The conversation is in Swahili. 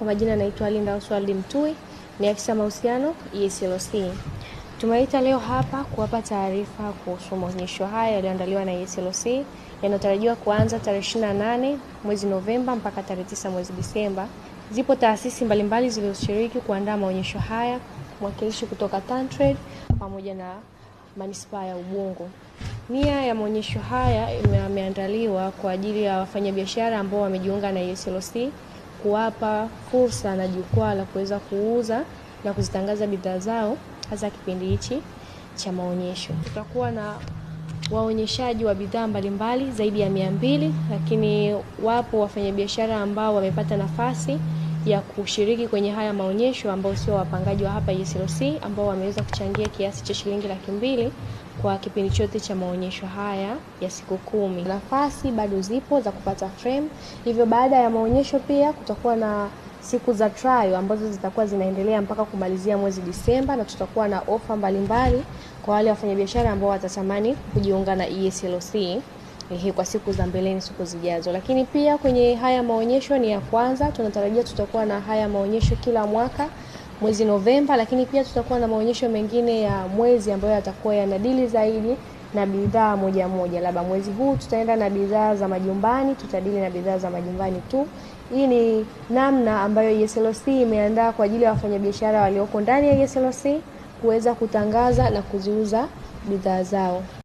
Kwa majina naitwa Linda Oswaldi Mtui, ni afisa mahusiano ESLC. Tumeita leo hapa kuwapa taarifa kuhusu maonyesho haya yaliyoandaliwa na ESLC yanayotarajiwa kuanza tarehe 28 mwezi Novemba mpaka tarehe 9 mwezi Disemba. Zipo taasisi mbalimbali zilizoshiriki kuandaa maonyesho haya, mwakilishi kutoka TanTrade pamoja na manispaa ya Ubungo. Nia ya maonyesho haya imeandaliwa kwa ajili ya wafanyabiashara ambao wamejiunga na ESLC kuwapa fursa na jukwaa la kuweza kuuza na kuzitangaza bidhaa zao, hasa kipindi hichi cha maonyesho. Tutakuwa na waonyeshaji wa bidhaa mbalimbali zaidi ya mia mbili, lakini wapo wafanyabiashara ambao wamepata nafasi ya kushiriki kwenye haya maonyesho ambao sio wapangaji wa hapa UCLC ambao wameweza kuchangia kiasi cha shilingi laki mbili kwa kipindi chote cha maonyesho haya ya siku kumi. Nafasi bado zipo za kupata frame, hivyo baada ya maonyesho pia kutakuwa na siku za trial ambazo zitakuwa zinaendelea mpaka kumalizia mwezi Disemba, na tutakuwa na ofa mbalimbali kwa wale wafanyabiashara ambao watatamani kujiunga na ESLC ehe, kwa siku za mbeleni, siku zijazo. Lakini pia kwenye haya maonyesho ni ya kwanza, tunatarajia tutakuwa na haya maonyesho kila mwaka mwezi Novemba, lakini pia tutakuwa na maonyesho mengine ya mwezi ambayo yatakuwa yanadili zaidi na bidhaa moja moja. Labda mwezi huu tutaenda na bidhaa za majumbani, tutadili na bidhaa za majumbani tu. Hii ni namna ambayo ESLC imeandaa kwa ajili ya wafanyabiashara walioko ndani ya ESLC kuweza kutangaza na kuziuza bidhaa zao.